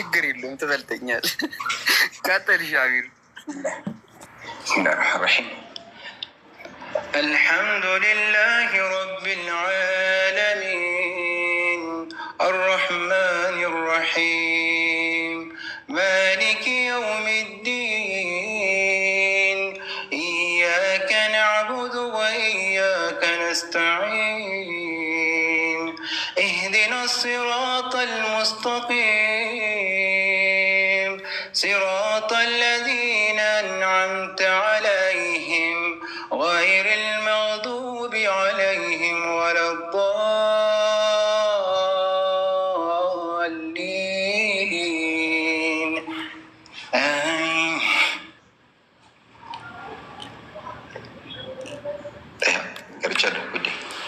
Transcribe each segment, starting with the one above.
ችግር የለውም ትበልጠኛል። ቀጥልሽ አሚር። ብስሚላህ ራህማን ራሂም الحمد لله رب العالمين الرحمن الرحيم مالك اهدنا الصراط المستقيم صراط الذين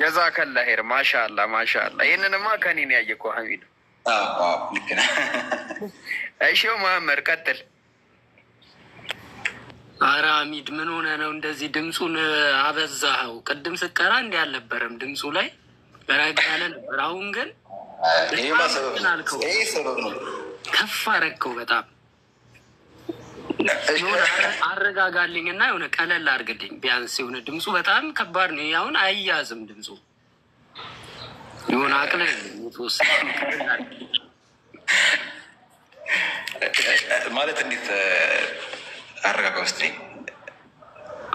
የዛ ከላ ሄር ማሻላ ማሻላ። ይህንንማ ከኔ ነው ያየኮ ሀሚድ። እሺ መሀመድ ቀጥል። አረ ሀሚድ ምን ሆነ ነው እንደዚህ ድምፁን አበዛኸው? ቅድም ስቀራ እንዲህ አልነበረም ድምፁ ላይ ረጋ ያለ ነበር። አሁን ግን ይህ ሰበብ ነው ከፍ አረግከው በጣም አረጋጋልኝ እና የሆነ ቀለል አድርግልኝ ቢያንስ የሆነ ድምፁ በጣም ከባድ ነው። አሁን አይያዝም ድምፁ የሆነ አቅለ ማለት እንዴት አረጋጋ ውስጥ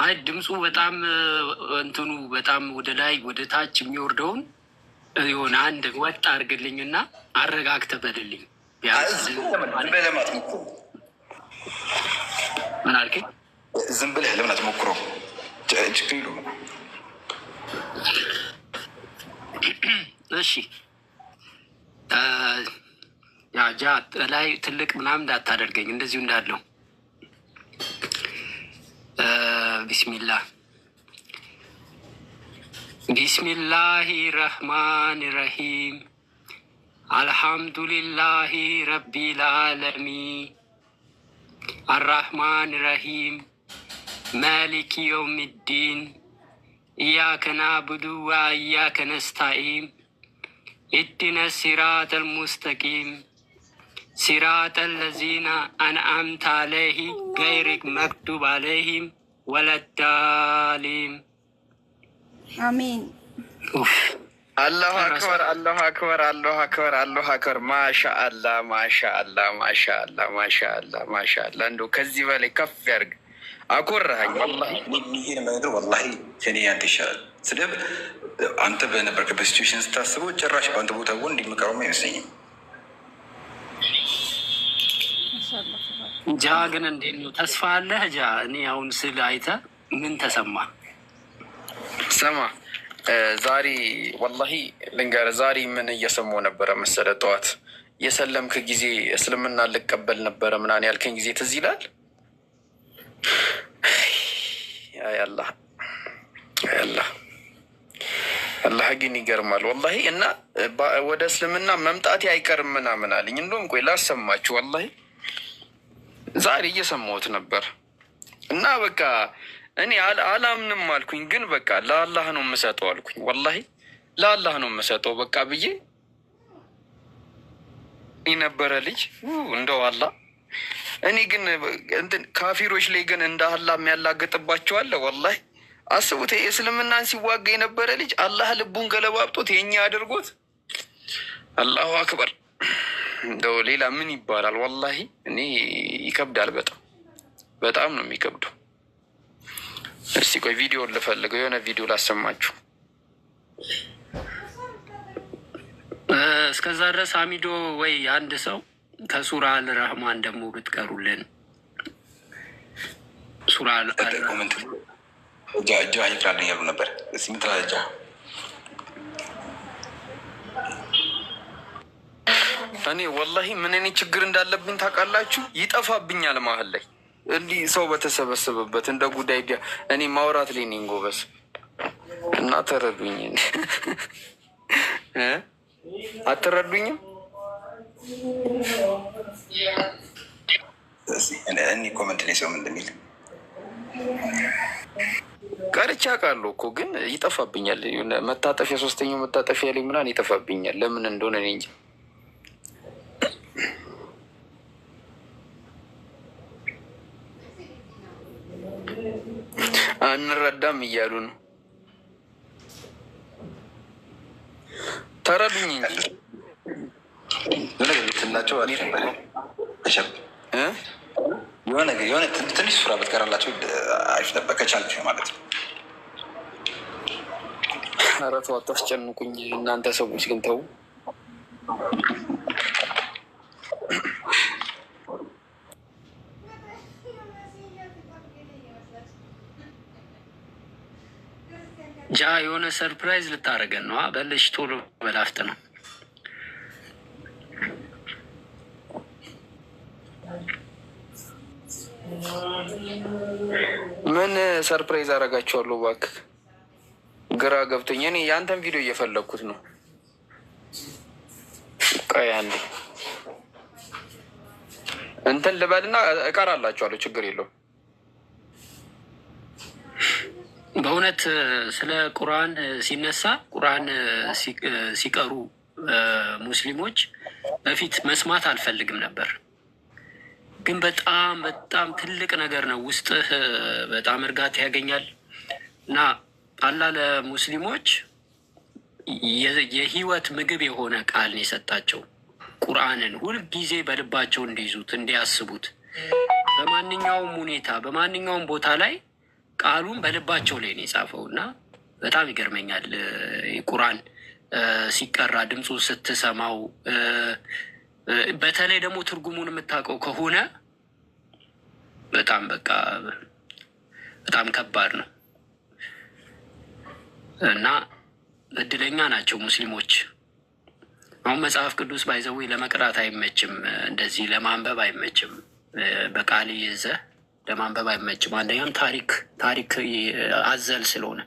አይ ድምፁ በጣም እንትኑ በጣም ወደ ላይ ወደ ታች የሚወርደውን የሆነ አንድ ወጥ አድርግልኝ እና አረጋግተህ በልልኝ ቢያንስ ምን አልከኝ? ዝም ብለህ ለምን አትሞክረው? ችግር እሺ ጃ ላይ ትልቅ ምናምን እንዳታደርገኝ እንደዚሁ እንዳለው ቢስሚላ ቢስሚላሂ ረህማን ረሂም አልሐምዱሊላሂ ረቢል ዓለሚን الرحمن الرحيم مالك يوم الدين إياك نعبد وإياك نستعين اهدنا الصراط المستقيم صراط الذين أنعمت عليه غير المكتوب عليهم ولا الضالين آمين أوف. አላሁ አክበር አላሁ አክበር አላሁ አክበር አላሁ አክበር። ማሻ ማሻ ማሻ አላ አላ አላ ማሻ አላ ማሻ አላ እንዶ ከዚህ በላይ ከፍ ያርግ። አኮራኸኝ ወላሂ። ይሄን ነገር ወላሂ እኔ ያንተ ይሻላል። ስድብ አንተ በነበርክበት ሲቹዌሽን ስታስበው ጭራሽ በአንተ ቦታ ጎን እንዲመቀረሙ አይመስለኝም። ጃ ግን እንዴ ነው ተስፋ አለህ? ጃ እኔ አሁን ስል አይተ ምን ተሰማ ሰማ ዛሬ ወላሂ ልንገር፣ ዛሬ ምን እየሰሙ ነበረ መሰለ ጠዋት የሰለምክ ጊዜ እስልምና ልቀበል ነበረ ምናን ያልከኝ ጊዜ ትዝ ይላል? አላህ አላህ አላህ ግን ይገርማል ወላሂ። እና ወደ እስልምና መምጣቴ አይቀርም ምናምን አለኝ። እንደውም ቆይ ላሰማችሁ፣ ወላሂ ዛሬ እየሰማሁት ነበር እና በቃ እኔ አላምንም አልኩኝ፣ ግን በቃ ለአላህ ነው የምሰጠው አልኩኝ። ወላሂ ለአላህ ነው የምሰጠው በቃ ብዬ የነበረ ልጅ እንደው አላ እኔ ግን እንትን ካፊሮች ላይ ግን እንደ አላህ የሚያላግጥባቸዋለ ወላሂ አስቡት። እስልምናን ሲዋጋ የነበረ ልጅ አላህ ልቡን ገለባብጦት የኛ አድርጎት። አላሁ አክበር። እንደው ሌላ ምን ይባላል? ወላሂ እኔ ይከብዳል። በጣም በጣም ነው የሚከብደው። እርሲ ቆይ ቪዲዮ ልፈልገው፣ የሆነ ቪዲዮ ላሰማችሁ። እስከዛ ድረስ አሚዶ ወይ አንድ ሰው ከሱራ አልረህማን ደግሞ ብትቀሩልን ሱራ ይቅራልኝ ያሉ ነበር። እኔ ወላሂ ምን እኔ ችግር እንዳለብኝ ታውቃላችሁ? ይጠፋብኛል መሀል ላይ እንዲህ ሰው በተሰበሰበበት እንደ ጉዳይ እኔ ማውራት ላይ ነኝ ጎበዝ እና ተረዱኝ። አትረዱኝም? እኔ ኮመንት ላይ ሰው እንደሚል ቀርቻ ቃለሁ እኮ ግን ይጠፋብኛል። መታጠፊያ ሶስተኛው መታጠፊያ ላይ ምናምን ይጠፋብኛል። ለምን እንደሆነ እኔ እንጃ። አንረዳም እያሉ ነው። ተረዱኝ እንጂ ብትላቸው የሆነ ትንሽ ሱራ ብትቀራላቸው አሪፍ ነበር፣ ከቻልክ ማለት ነው። ኧረ ተው አታስጨንቁኝ እናንተ ሰዎች ግን ተው። ጃ የሆነ ሰርፕራይዝ ልታደርገን ነው። በልሽ ቶሎ በላፍጥ ነው። ምን ሰርፕራይዝ አደርጋችኋለሁ? እባክህ ግራ ገብቶኝ እኔ የአንተን ቪዲዮ እየፈለግኩት ነው። ቆይ አንዴ እንትን ልበልና እቀራላችኋለሁ። ችግር የለውም በእውነት ስለ ቁርአን ሲነሳ ቁርአን ሲቀሩ ሙስሊሞች በፊት መስማት አልፈልግም ነበር። ግን በጣም በጣም ትልቅ ነገር ነው። ውስጥህ በጣም እርጋታ ያገኛል እና አላህ ለሙስሊሞች የህይወት ምግብ የሆነ ቃል ነው የሰጣቸው። ቁርአንን ሁልጊዜ በልባቸው እንዲይዙት፣ እንዲያስቡት በማንኛውም ሁኔታ በማንኛውም ቦታ ላይ ቃሉን በልባቸው ላይ ነው የጻፈው እና በጣም ይገርመኛል። ቁራን ሲቀራ ድምፁ ስትሰማው፣ በተለይ ደግሞ ትርጉሙን የምታውቀው ከሆነ በጣም በቃ በጣም ከባድ ነው እና እድለኛ ናቸው ሙስሊሞች። አሁን መጽሐፍ ቅዱስ ባይዘዌ ለመቅራት አይመችም፣ እንደዚህ ለማንበብ አይመችም። በቃል ይዘህ ለማንበብ አይመችም። አንደኛም ታሪክ ታሪክ አዘል ስለሆነ